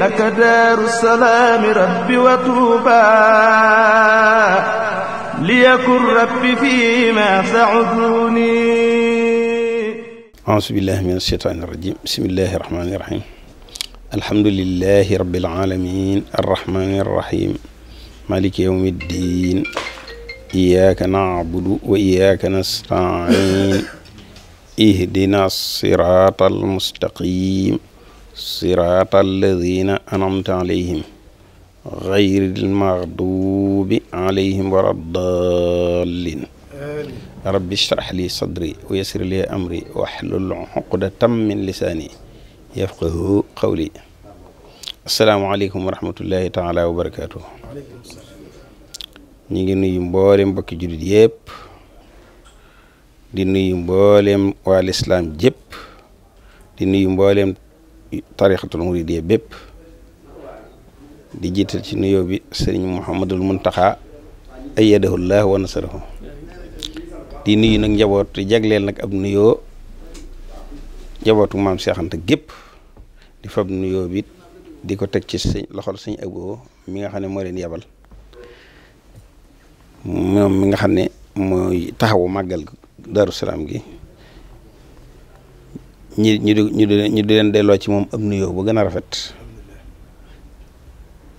لك دار السلام رب وطوبى ليكن رب فيما سعدوني أعوذ بالله من الشيطان الرجيم بسم الله الرحمن الرحيم الحمد لله رب العالمين الرحمن الرحيم مالك يوم الدين إياك نعبد وإياك نستعين اهدنا الصراط المستقيم siraata alladina anamta alayhim gayril maxduubi alayhim wala daalliin rabbi shrah li sadri wa yassir li amri wahlul uqdatam min lisaani yafqahu qawli asalaamaaleykum wa rahmatullahi taala wa barakaatu ñu ngi nuyu mboolem mbokki jullit yëpp di nuyu mboolem waa lislaam jëpp di nuyu mboolem tarixatul muridiyya bépp di jiital ci nuyoo bi sëriñ Mouhamadul Muntaxa ayyadahu llah wa nasarahu di nuyu nag njaboot jagleel nag ab nuyoo njabootu maam Seex Anta gépp di fab nuyoo bi di ko teg ci sëñ loxol sëñ Abo mi nga xam ne moo leen yebal moom mi nga xam ne mooy taxawu màggal Daaru Salaam gi ñi ñu ñu di ñu di leen delloo ci moom am nuyoo bu gën a rafet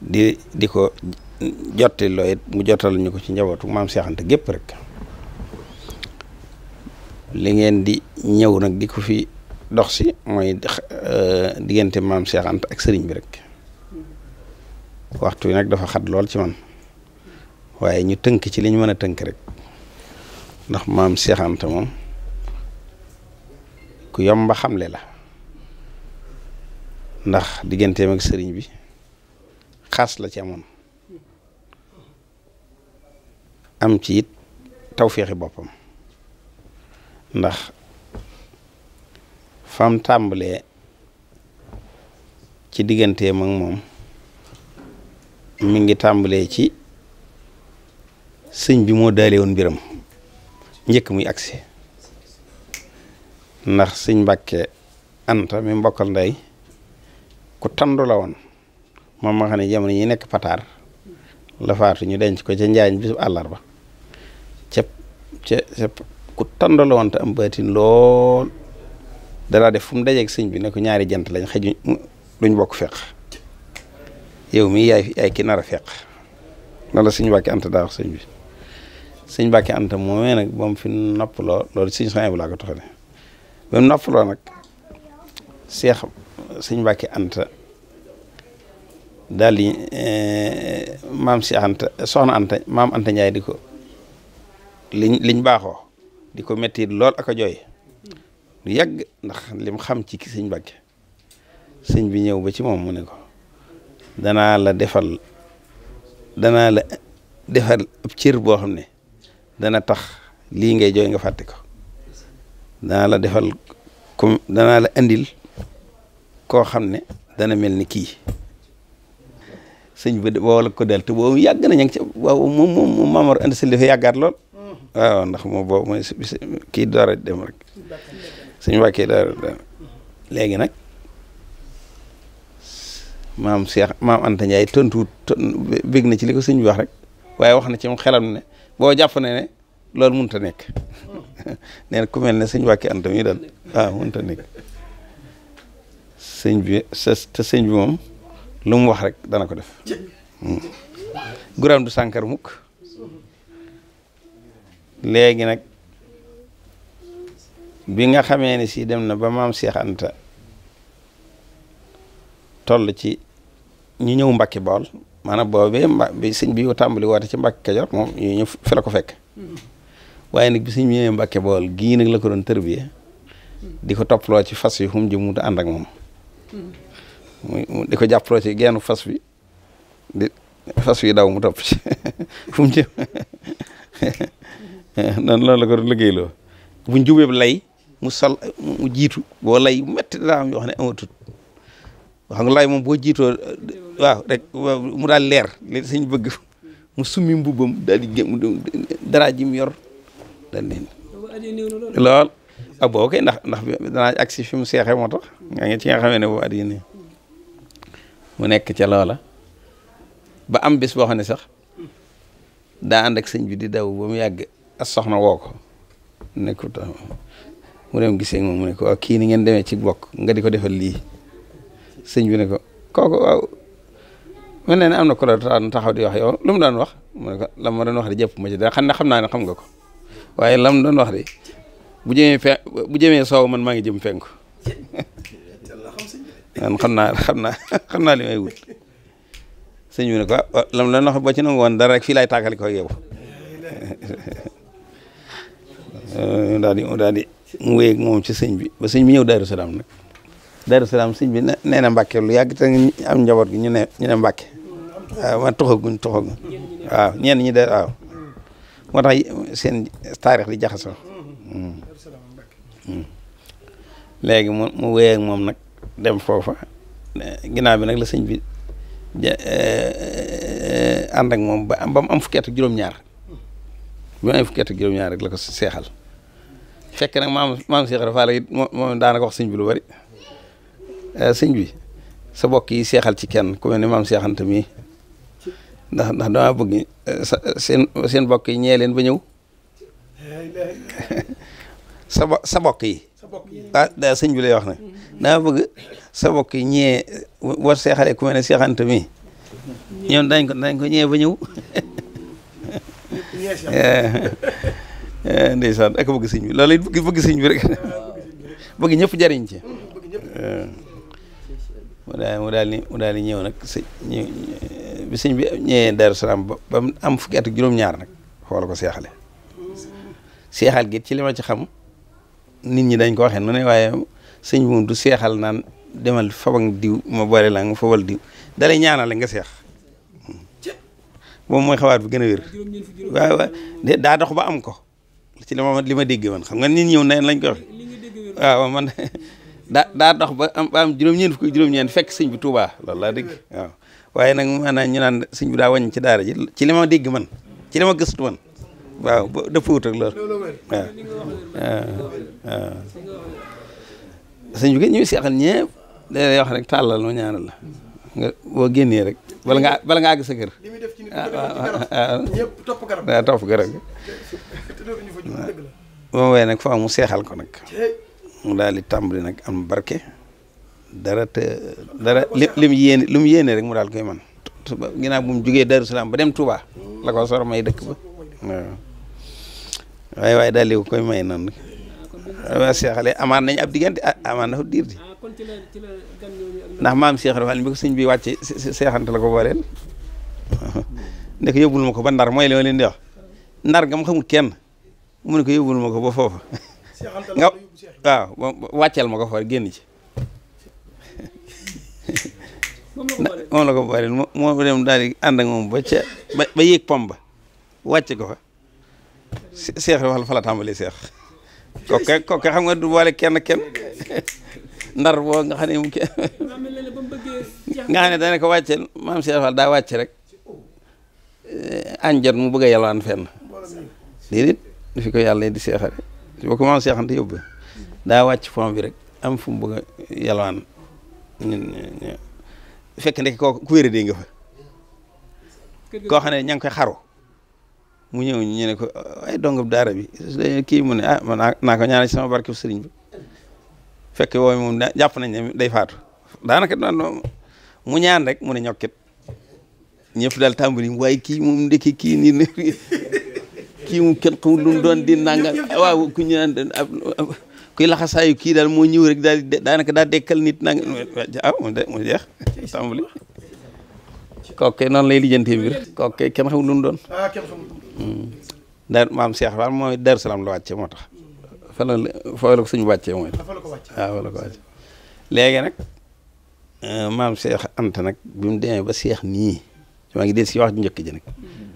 di di ko jotti loo it mu jotal ñu ko ci njabootu maam Seex gépp rek li ngeen di ñëw nag di ko fi dox si mooy euh, diggante maam Seex ak sëriñ bi rek waxtu wi nag dafa xat lool ci man waaye ñu tënk ci li ñu mën a tënk rek ndax maam Seex moom ku yomba xamle la ndax digganteem ak sëriñ bi xas la ci amoon am ci it tawféexi boppam ndax fam tàmbalee ci digganteem ak moom mi ngi tàmbalee ci sëñ bi moo daale woon mbiram njëkk muy agsi ndax sëñ Mbàkke Anta mi mbokkal ndey ku tandu la woon moom ma xam ne yi nekk pataar la faatu ñu denc ko ca njaañ bi àllarba ba ca ca ku tandu la woon te am baatin lool danaa def fu mu dajeeg sëñ bi ne ko ñaari jant lañ xëj duñ bokk feq yow mii yaay yaay ki nar a feq loolu la sëñ Mbàkke Anta daa wax sëñ bi sëñ Mbàkke Anta moomee nag moom fi nopp loo loolu sëñ Sohaybu laa ko toxale ba mu noppaloo nag seex sëñ Mbàkke Anta daal di eh, maam si Anta soxna Anta maam Anta Ndiaye di ko liñ liñ baaxoo di ko métti lool ak a jooy lu yàgg ndax lim xam ci ki sëñ Mbàkke sëñ bi ñëw ba ci moom mu ne ko danaa la defal danaa la defal ab boo xam ne dana tax lii ngay jooy nga fàtte ko danaa la defal comme danaa la indil koo xam ne dana mel ni kii sëñ bi wala ko del te boobu yàgg na ña ngi ci waaw moom moom moom Maamor indi sëñ dafa yàggaat lool waaw ndax moom boobu mooy kii door a dem rek sëñ wàkkee door a dem léegi nag maam Cheikh maam Anta Ndiaye tontuwut bég na ci li ko sëñ wax rek waaye wax na ci moom ne boo jàpp ne ne loolu mënut nekk nee na ku mel ne sëñ wàkki anta mi daal waaw ah, mënta nekk sëñ bi te sëñ bi moom lu mu wax rek dana ko def hmm. guraam du sànkar mukk léegi nag bi nga xamee ne si dem na ba maam Seex Anta toll ci ñu ñëw Mbàkke Bawol maanaam boobee mba bi sëñ bi tàmbali woote ci Mbàkke Kajoor moom ñu ñëw fi ko fekk waaye nag bi suñ ñëwee Mbàkke Bawol gii nag la ko doon tërbiye di ko toppaloo ci fas yi fu mu jëm mu ànd ak moom mu di ko jàppaloo geenu genn fas bi di fas yi daw mu topp ci fu mu jëm noonu loolu la ko doon liggéeyloo lay mu sol mu jiitu boo lay ne amatut xam nga lay moom boo jiitoo waaw mu daal leer li bëgg mu summi mbubbam daal di mu yor dal leen lool a ah, boo koy ndax ndax danaa agsi fi mu seexee moo tax nga ngi ci nga xamee ne boobu at yi nii mu nekk ca loola ba am bis boo xam ne sax daa ànd ak sëñ bi di daw ba mu yàgg as soxna woo ko nekkut mu dem gisee moom mu ne ko waaw ah, kii ni ngeen demee ci bokk nga di ko defal lii sëñ bi ne ko kooku waaw na ne am na ko doon taxaw di wax yow lu mu doon wax mu ne la ma wax di jëpp ma ci dara xam ne xam naa ne xam nga ko waaye lam doon wax de bu jëmee fe soow man maa ngi jëm fenk man xam naa xam naa xam naa li may wut sëñ bi ne ko ah, lam ci nangu woon dara rek fii laay tàkkali ko yow daal di daal di mu wéy ak moom ci sëñ bi ba sëñ bi ñëw Daaru Salaam nag Daaru Salaam sëñ bi nee na Mbàkke lu yàgg te am njaboot gi ñu ne ñu ne Mbàkke waaw ah, man toxaguñ toxaguñ waaw ñenn ñi de moo tax seen taarix di jaxasoo hmm. léegi mu mu wéy moom nag dem foofa ginnaaw bi nag la sëñ bi eh, ànd ak moom ba am ba am fukki at ak juróom-ñaar bi mu am fukki juróom-ñaar la ko seexal fekke nag maam maam Cheikh Rafaal it moom daanaka wax sëñ bi lu bari eh, sëñ bi sa bokk yi seexal ci kenn ku mel ne maam Cheikh Anta mii ndax ndax damaa bëgg eh, seen seen bokk yi ñee leen ba ñëw sa bo sa bokk yi ah daa sëñ bi lay wax nag damaa bëgg sa bokk yi ñee war seexale ku mel ne seexante mi ñoom dañ ko dañ ko ñee ba ñëw eh, eh, ndeysaan ak bëgg sëñ bi loolu it bëgg sëñ bi rek bëgg ñëpp jariñ ci mu daal mu daal ni mu daal ni ñëw nag sëñ bi sëñ bi ñëwee Daaru Salaam ba am fukki at juróom-ñaar nag foofu la ko seexale seexal gi ci li ci xam nit ñi dañ ko waxee nu waaye sëñ bi moom du seexal naan demal fabang diw ma boole la nga fabal diw dalay ñaanale nga seex moom mooy xawaat bi gën a wér waaw dox ba am ko ci li ma li ma dégg man xam nga nit ñëw neen lañ ko waxe waaw man daa daa dox ba am ba am juróom-ñeent fukki juróom-ñeent fekk sëñ bi Tuubaa loolu laa waaye nag maanaam ñu naan sëñ bi daa wàññi ci daara ji ci li ma dégg man ci li ma gëstu man waaw ba dëpp wut ak loolu waaw waaw sëñ bi ñu rek tàllal ma ñaanal la nga boo génnee rek bala ngaa bala ngaa àgg sa kër ah, ah, ah, waaw topp garab ba mu wee mu seexal ko nag mu daal di tàmbali nag am barke dara te dara li lim yéene li mu yéene rek mu daal koy man ginnaaw bum mu jugee Darou ba dem Touba la ko sor may dëkk ba waaw waaye waaye daal di koy may noonu waaw Cheikh Aliou amaan nañu ab diggante ah, amaan na ah, ndax maam Cheikh Aliou bi ko sëñ bi wàcce ko booleel ne ko yóbbul ma ko ba ndar mooy li ma leen di wax ndar nga ma xamul kenn mu ne ko ko ba foofa nga waaw wàcceel ma ko fa génn ci moom la ko boole moo dem daal di ànd ak moom ba ca ba ba yéeg pom ba wàcce ko fa seex wala fa la tàmbali seex kooka kooka xam nga du boole kenn kenn ndar boo nga xam ne mu kenn nga xam ne dana ko wàcceel maam seex wala daa wàcce rek eh, añ jot mu bëgg a yalwaan fenn déedéet du fi ko yàlla di seexare boo ko maam seexante yóbbu daa wàcc pom bi rek am fu mu bëgg a yalwaan ñun fekk ndek koo ku wéra dee fa koo xam ne ña ngi koy xaru mu ñëw ñu ne ko ay dongub daara bi kii mu ne ah man naa ko ñaanal barke sëriñ bi fekk wooy moom jàpp nañ ne day faatu daanaka mu ñaan rek mu ne ñokkit ñëpp daal tàmbali waaye kii moom ndekki kii nii ne kii moom kenn xamul lu mu doon kuy laxasaayu kii daal moo ñëw rek daal di daanaka daal dekkal nit nag ah mu jeex tàmbali kooke noonu lay lijjantee mbir kooke kenn xamul lu mu doon ah, daar hmm. maam Cheikh Fall mooy Daaru Salaam la wàcce moo tax fa la suñu wàccee mooy waaw ah, fa la ah, nag euh, maam Cheikh Anta nag bi demee ba Cheikh nii maa ngi del si wax ju njëkk ji nag hmm.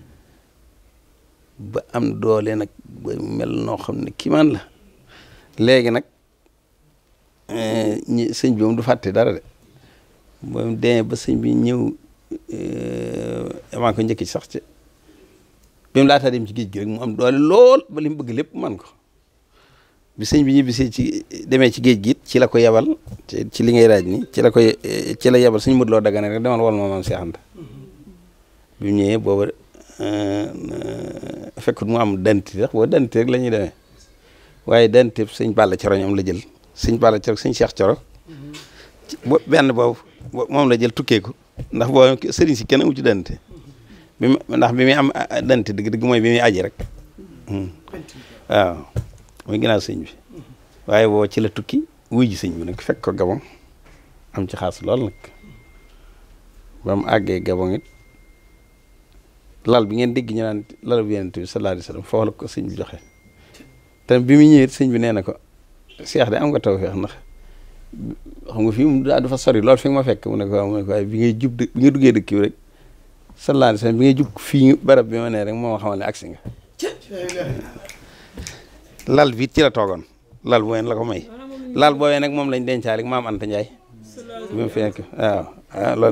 ba am doole nag ba mel noo xam ne kii la léegi nag eh, ñi sëñ bi du fàtte dara de moom dee ba sëñ bi ñëw eh, avant ko njëkk ci sax ci bi mu laataa dem ci géej gi mu am doole lool ba li mu bëgg lépp man ko bi sëñ bi ñibbisee ci demee ci géej gi ci la ko yebal ci li ngay laaj ni ci la koy eh, ci la yebal suñ mëdloo dagana rek demal wal moomam Seex Anta bi mu ñëwee booba fekkut mu am danti sax boo danti la ñuy demee waaye daan tëb sëñ Balla Coro ñoom la jël sëñ Balla Coro sëñ Cheikh Coro benn boobu moom la jël tukkee ko ndax boo sëriñ si kenn amu ci dante bi ndax bi muy am dante dëgg dëgg mooy bi muy rek hmm. waaw muy ginnaaw sëñ bi waaye boo ci la tukki wuy ji sëñ bi nag fekk ko gabon am ci xaas lool nag ba mu àggee gabon it lal bi ngeen dégg ñu naan lal bi yonent bi sallallahu alayhi wasallam foofu la ko sëñ bi joxe te bi mu ñëwee sëñ bi nee na ko seex de am nga taw feex ndax xam nga fii mu daa dafa sori lool fi ma fekk ko waaw bi ngay jub bi nga duggee dëkk bi rek sa alayhi wasallam bi ngay jub fii barab bi ma nee rek moo ma xamal ne agsi nga lal bi ci la toogoon lal booyeen la ko may lal booyeen nag moom lañ dencaale ak maam Anta Ndiaye bi mu fekk ah,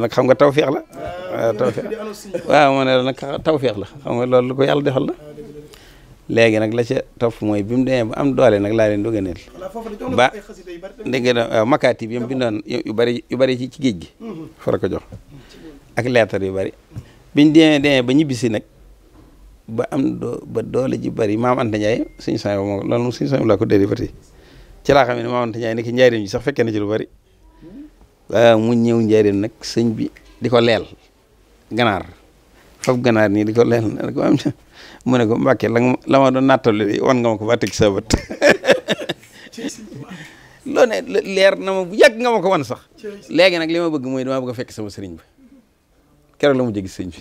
xam nga taw feex la ah, waaw ma ne nag taw feex la xam nga loolu lu ko yàlla defal la léegi nag la ca topp mooy bi mu demee ba am doole nag laa leen doog a ba dégg nga waaw bindoon yu bari yu bari ci ci géej gi mm-hmm. fara ko jox ak leetar yu bari biñ demee demee ba ñibbisi nag ba am doo ba doole ji bari maam Anta Ndiaye suñu saa yoo moom loolu suñu saa yoo laa ko dérivé ci laa xam ne maam Anta Ndiaye nekk njaareem ji sax fekkee na lu bari mu ñëw njaareem nag sëñ bi di ko leel ganaar fab ganaar nii di ko leel ko am mu ne ko Mbàkke la nga la ma doon nattale bi wan nga ma ko ba teg sa bët leer na ma bu yàgg nga ma ko wan sax léegi nag li ma bëgg mooy damaa bëgg a fekk sama sëriñ ba keroog la mu jëgi sëriñ bi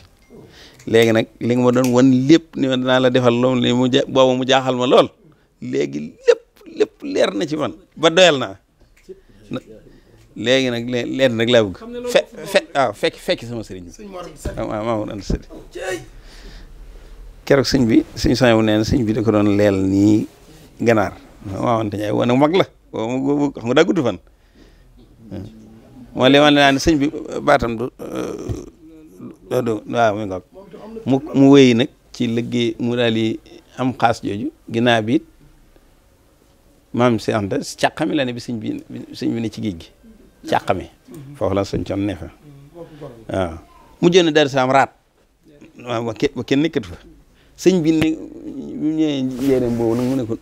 léegi nag li nga ma doon wan lépp ni ma danaa la defal loolu ni mu boobu mu jaaxal ma lool léegi lépp lépp leer na ci man ba doyal na léegi nag leen leen nag laa bëgg ah, fekki fe waaw sëriñ bi waaw ah, maa keroog sëñ bi sëñ saa yu neen sëñ bi da ko doon leel nii ganaar waawante ñaay woo nag mag la woo fan mooy li ma leen naan sëñ bi uh, baatam du uh, doo waaw mu mu ci liggéey mu daal am xaas jooju ginnaaw bi it maam si anta càqami la ne bi sëñ bi sëñ bi ci géej gi càqami foofu fa waaw mujjoon na daal saam raat ba kenn nekkatu fa sëñ bi ne bu ñëwee njéeréem boobu nag mu ne ko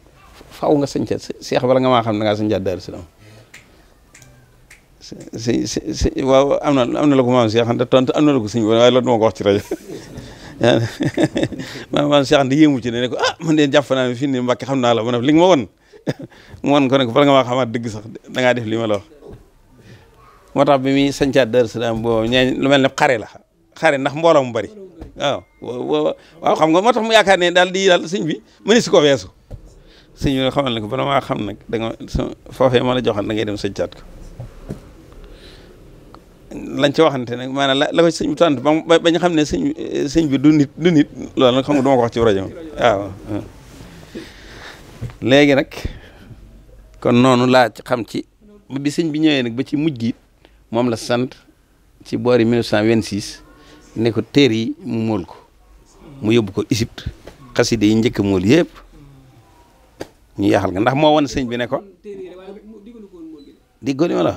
faaw nga sëñ seex bala nga maa xam ne ngaa sëñ ca Daaru Salaam si si si waaw am na am na la ko maam Cheikh Anta tontu am na la ko sëñ waaye loolu ko ci rajo maam maam yéemu ci ne ne ko ah man de jàpp naa ne fii nii Mbàkke xam naa la ma li nga ma won mu won ko ne ko bala nga maa xamaat dëgg sax da ngaa def li ma la wax moo tax bi muy sëñ lu mel ne xare la xare ndax mbooloo mu bari waaw waaw xam nga moo tax mu yaakaar ne daal di daal sëñ bi mëni si ko weesu sëñ bi nga ne ko bala maa xam nag da nga foofee ma la joxoon da ngay dem sëjtaat ko lañ ci waxante nag maanaam la la ko sëñ bi tànt ba bañ xam ne sëñ sëñ bi du nit du nit loolu nag xam nga du ma ko wax ci rajo waaw léegi nag kon noonu laa xam ci bi sëñ bi ñëwee nag ba ci mujj gi moom la sant ci boori 1926 ne ko téer yi mu mool ko mu yóbbu ko Égypte xaside yi njëkk a mool yëpp ñu yaaxal nga ndax moo wan sëñ bi ne ko diggoon ma la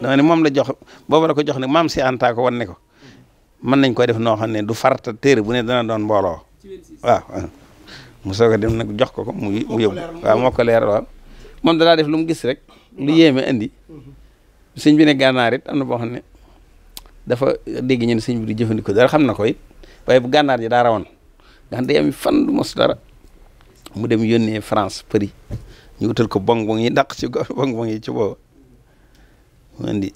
dama ne moom la jox boobu la ko jox ne maam si Anta ko wan ne ko mën nañ koy def noo xam ne du farta téer bu ne dana doon mbooloo waaw mu soog a dem nag jox ko ko mu yóbbu waaw moo leer waaw moom dalaa def lu mu gis rek lu yéeme indi sëñ bi ne gànnaar it na boo xam ne dafa dégg ñeen sëñ bi di jëfandikoo dara xam na ko it waaye bu gànnaar ji daa rawoon nga xam day fan du mu dem yónnee France Paris ñu utal ko bong bong yi dàq ci bong bong yi ci boobu mu indi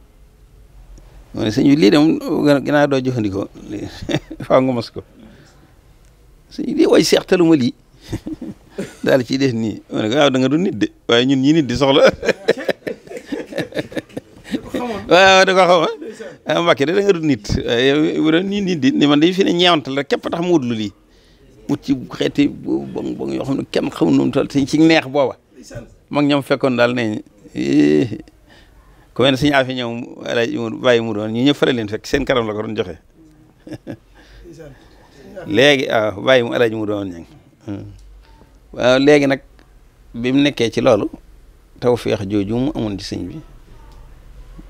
sëñ lii de moom ginnaaw doo jëfandikoo faa daal ciy def nii mu ko waaw da nga du nit de waaye ñun ñi nit di soxla waaw da ko xaw ma ah, Mbàkke da nga dul nit ah, yow nii nit ni man dañu fi ne ñeewantal képp tax mu wut lu lii wut ci xeeti bong bong yoo xam ne kenn xaw noonu tal te ci neex booba mag ñoom fekkoon daal ne eh, ku mel ne suñu affaire alaaj bàyyi mu doon ñu ñëpp faral leen fekk seen la ko doon joxe léegi ah, hmm. waaw bàyyi mu alaaj mu léegi nag bi mu nekkee ci loolu taw feex jooju mu amoon ci sëñ bi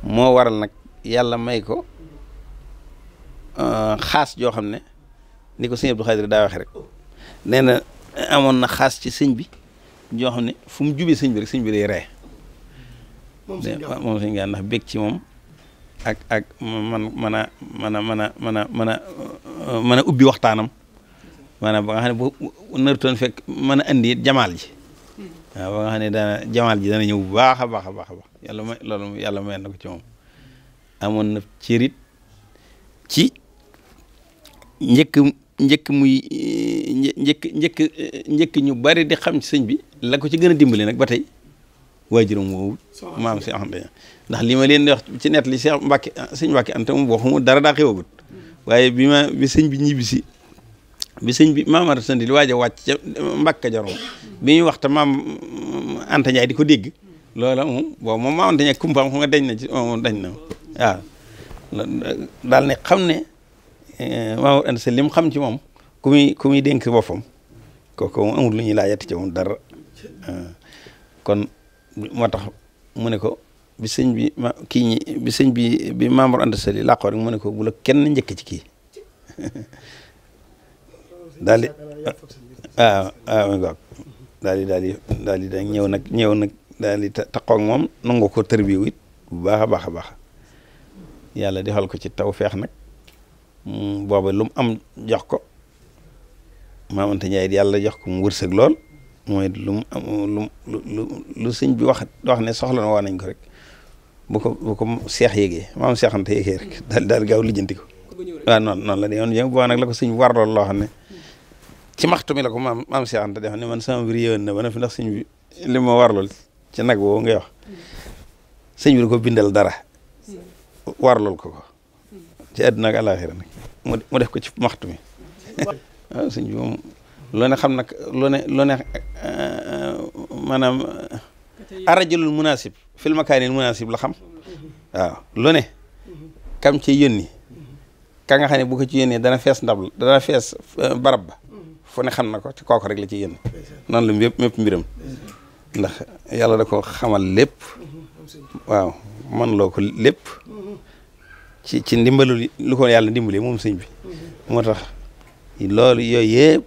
moo waral nag yàlla may ko euh, xaas joo ne ni ko sëñ Abdou Khadir daa waxe rek nee na amoon na xaas ci sëñ bi joo ne fu mu jubee sëñ bi rek sëñ bi day ree moom sëñ gaa ndax bég ci moom ak ak man man a man a man a man a man a mën a ubbi waxtaanam maanaam ba nga xam bu nartoon fekk mën a indi jamaal ji hmm. waaw ba nga ne daana jamaal ji dana ñëw bu baax a baax a baax a baax yàlla may loolu yàlla may na ko amoon na cërit ci njëkk njëkk muy njëkk njëkk njëkk ñu bari di xam ci sëñ bi la ko ci gën a dimbali nag ba tey waajuram woowu maam si am ndax li ma leen di ci net li Cheikh sëñ Mbacke Anta moom waxuma dara daa xewagut waaye bi ma bi sëñ bi ñibbisi bi sëñ bi maamara sëndi li waaj a wàcc bi ñuy wax te maam di ko dégg loola moom boobu moom maa dañee kumpaam xam nga dañ na ci moom dañ na waaw xam ne li mu xam ci moom ku muy ku boppam kooku lu ñuy laajati ci moom dara kon moo tax mu ne ko bi sëñ bi ma kii ñi bi bi bi Mamour Anta Sall yi làqoo rek mu ne ko bu la kenn njëkk ci ki daal di waaw waaw daal di daal di daal di ñëw nag ñëw nag daal di taqoog moom nangu ko tërbiwu it bu baax a baax a baax yàlla defal ko ci taw feex nag mm, booba lu mu am jox ko maamante ñaay yàlla jox ko mu wërsëg lool mooy lu mu lu lu lu sëñ bi wax wax ne soxla na waa nañ ko rek bu ko bu ko seex yéegee maam seexante yéegee rek daal daal gaaw lijjanti ko waaw noonu noonu la yoon yëngu boo nag la ko sëñ war lool loo xam ne ci maxtu mi ma ko maam maam seexante def ne man sama mbir yéwoon na ba na fi ndax sëñ bi li ma warlool ci nag woo ngay wax sëñ ko bindal dara warlul ko ko ci àdduna ak àlaaxira nag mu def ko ci maxtu mi waaw sëñ bi moom loo ne xam nag loo ne loo ne eh, maanaam eh, arajulul munasib fil makaanil munasib xam waaw kam ci yónni ka nga xam ne bu ko ci yónnee dana fees ndab dana fees eh, barab ba fu ne xam na ko ci kooku rek la ci yónni noonu la mépp mbiram ndax yàlla da ko xamal lépp man loo ko lépp ci ci ndimbalul lu ko yàlla ndimbalee moom sëñ bi moo tax loolu yooyu yëpp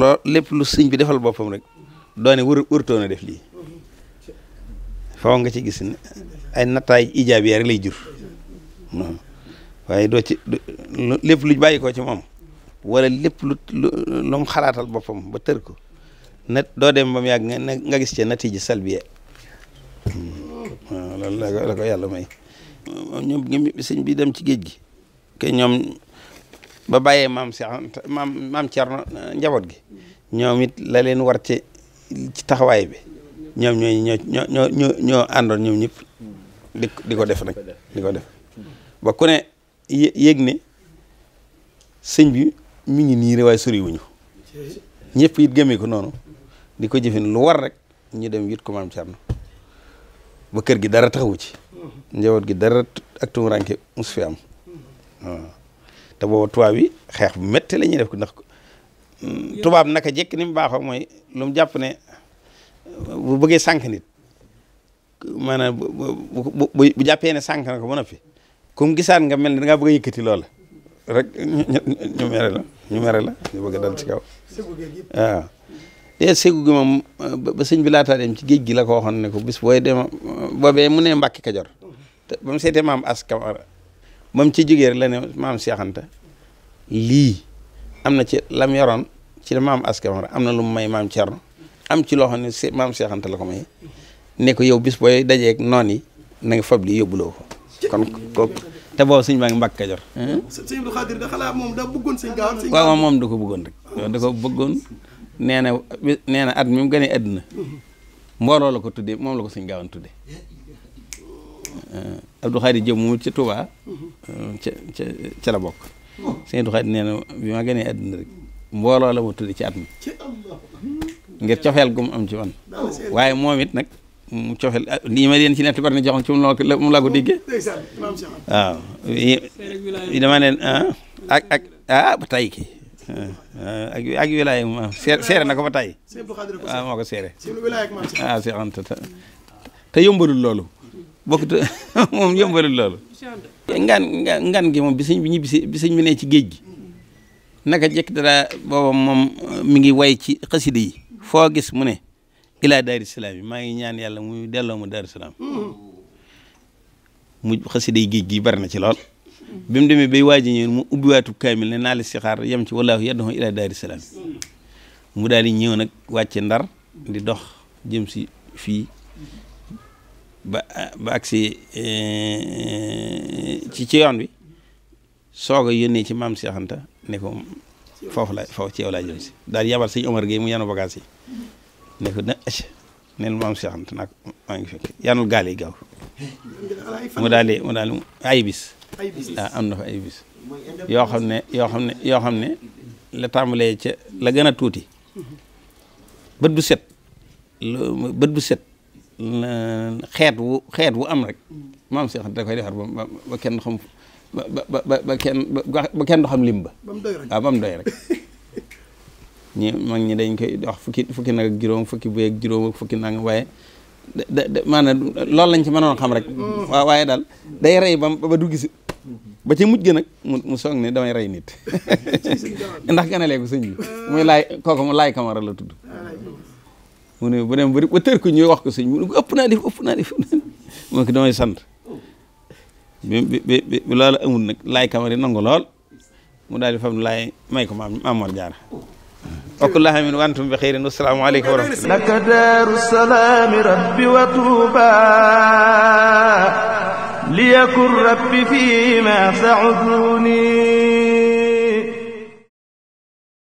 loo lépp lu sëñ bi defal boppam rek doone wër wërtoon a def lii faw nga ci gis ay nattaay ijaabiya lay jur non waaye doo ci lépp lu bàyyi ko ci moom wala lépp lu lu mu xalaatal boppam ba tër ko na doo dem ba mu yàgg nga gis ci natiiji salbiya waaw loolu ko yàlla may ñoom bi dem ci géej gi ke ñoom ba bàyyee maam si maam maam Cerno njaboot gi ñoom it la leen war ci ci taxawaay bi ñoom ñooy ñoo ñoo àndoon ñoom ñëpp di di ko def nag di ko def ba ku ne yéeg sëñ bi mi ngi waay rek waaye sori wuñu ñëpp it gëmee ko noonu di ko jëfin lu war rek ñu dem yit ko maam Cerno ba kër gi dara taxawu ci njaboot gi dara ak tumuranke mus fi am waaw te booba tubaab yi xeex bu métti la ñuy def ko ndax mm, tubaab naka jekk ni mu baaxoo mooy lu mu jàpp ne bu bëggee sànq nit maanaam bu bu jàppee ne sànq na ko ba noppi comme gisaan nga mel ne dangaa bëgg a yëkkati lool rek ñu mere la ñu mere la ñu bëgg dal ci kaw dee ségu gi moom ba sëñ bi laataa dem ci géej gi la ko waxoon ne ko bis booy dem boobee mu ne Mbàkke Kajoor te ba mu seetee maam as Kamara ba mu ci jógee rek la ne maam Seex lii am na ci lam yoroon ci la maam as am na lu mu may maam Cerno am ci loo xam ne maam Seex Anta la ko may ne ko yow bis booy dajeeg noon na nga fab lii yóbbuloo ko te boobu sëñ baa ngi Mbàkke Kajoor. sëñ moom da bëggoon sëñ ko bëggoon rek. da ko bëggoon. nee na nee na at mi mu gënee àdduna mm-hmm. mbooloo la ko tuddee moom la ko sëñ Gaawaan tuddee eh, Abdou Khadre Diop mu ca Touba mm-hmm. ca ca ca bokk sëñ Abdou Khadre nee na bi ma gënee àdduna rek mbooloo la ma tuddee ci at mi ngir cofeel gu mu am ci man waaye moom it nag mu cofeel ah, lii ma leen ci nett bari na joxoon ci mu la mu la ko déggee waaw dama ne ah, ah, ba tey Eh, ak ak wilaaya maam seere na ko ba tey waaw ah, moo ko seere waaw Seex ah, Anta loolu bokkut moom yombalul loolu ngan ngan gi moom bi sëñ bi ñibbisi bi bi ne ci géej gi naka jekk dara booba moom mi ngi way ci xasida yi foo gis mu ne ilaa daari salaam maa ngi ñaan yàlla muy delloo mu daari mm-hmm. mu xasida yi géej gi bari na ci lool bi mu demee bay waaj a ñëw mu ubbiwaatu kaamil ne naa la sixaar yem ci wallaahu yad'u ilaa daari salaam mu daal di ñëw nag wàcce ndar di dox jëm si fii ba ba agsi eh, ci ci yoon bi soog a yónnee ci maam Cheikh ne ko foofu la foofu ci yow laa jëm si daal yabal sëñ Omar Gueye mu yanu bagaas yi ne ko na ëcc neel maam Cheikh yanul gaal yi mu daal mu daal di waaw ah, am na fa ay bis yoo xam ne yoo xam ne yoo xam ne la tàmbalee ca la gën a tuuti bët bu set bët bu set xeet wu xeet wu am rek maam Seex da koy defar ba kenn xam ba ba ba kenn ba du xam lim ba waaw ba doy rek ah, ñi mag ñi dañ koy wax fukki fukki nag ak juróom fukki bëy ak juróom ak fukki nanga waaye da da maanaam loolu lañ ci mënoon xam rek. waaw waaye daal day rey ba ba du gis. ba ca mujj ga nag mu soog ne damay rey nit ndax ganalee ko sëñ bi muy laay kooku mu laay kamara la tudd mu ne bu dem bari ba tër ko ñuy wax ko sëñ mu ne ko ëpp naa def ëpp naa def moo ko damay sant bi bi bi loolu amul nag laay kamara yi lool mu daal di fam laay may ko maam Mor wakullaha min wa antum bi xeyrin wasalaamu aleykum wa rahmatullah naka daaru salaami rabbi wa tuuba liyakun rabbi fi ma sauduni